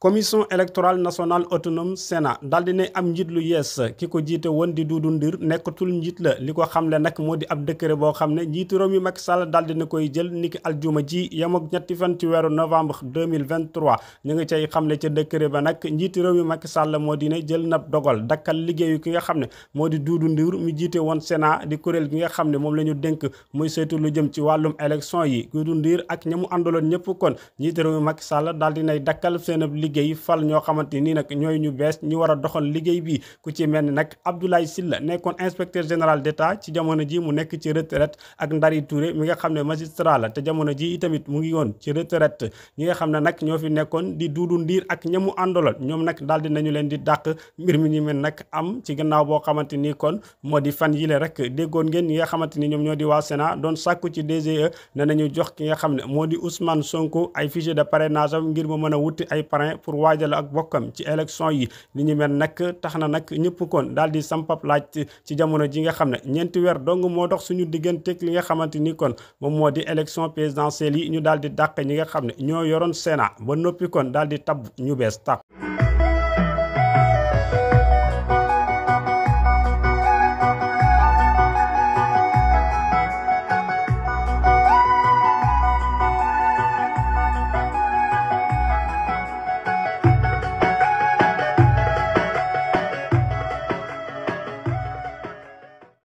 commission électorale national autonom sénat daal di ne am njiit lu yees ki ko jiite woon di duudu Ndir nekkatul njiit la li ko xamle nag moo di ab décret boo xam ne njiitu réew mi Macky Sall daal di na koy jël niki aljuma ji yem ñetti fan ci weeru novembre 2023 ñu ngi cay xamle ca décret ba nag njiitu réew mi Macky Sall moo di ne jël na dogal dakkal liggéeyu ki nga xam ne moo di Doudou Ndir mi jiite woon sénat di kuréel gi nga xam ne moom la ñu dénk muy saytu lu jëm ci wàllum élection yi Doudou Ndir ak ñamu mu àndaloon ñëpp kon njiitu réew mi Macky Sall daal di nay dakkal seen liggéey fal ñoo xamante ni nag ñooy ñu bees ñu war a liggéey bi ku ci mel ni nag Abdoulaye Sylla nekkoon inspecteur général d'État ci jamono ji mu nekk ci retraite ak Ndari Touré mi nga xam ne magistrat la te jamono ji itamit mu ngi woon ci retraite ñi nga xam ne nag di Doudou Ndir ak ñamu àndoloon ñoom nag daal di nañu leen di dàq mbir mi ñu mel nag am ci gannaaw boo xamante ni kon moo di fan yile rek déggoon ngeen ñi nga xamante ni ñoom ñoo di waa Sénat doon sàkku ci DGE ne nañu jox a pour waajal ak bokkam ci élection yi li ñu mel nag tax na nag ñëpp kon daal di sampap laaj ci jamono ji nga xam ne ñeenti weer dong moo dox suñu digganteeg li nga xamante ni kon moom moo di élection présidentielle yi ñu daal di dàq ñi nga xam ne ñoo yoroon Sénat ba noppi kon daal di tabb ñu bees tàq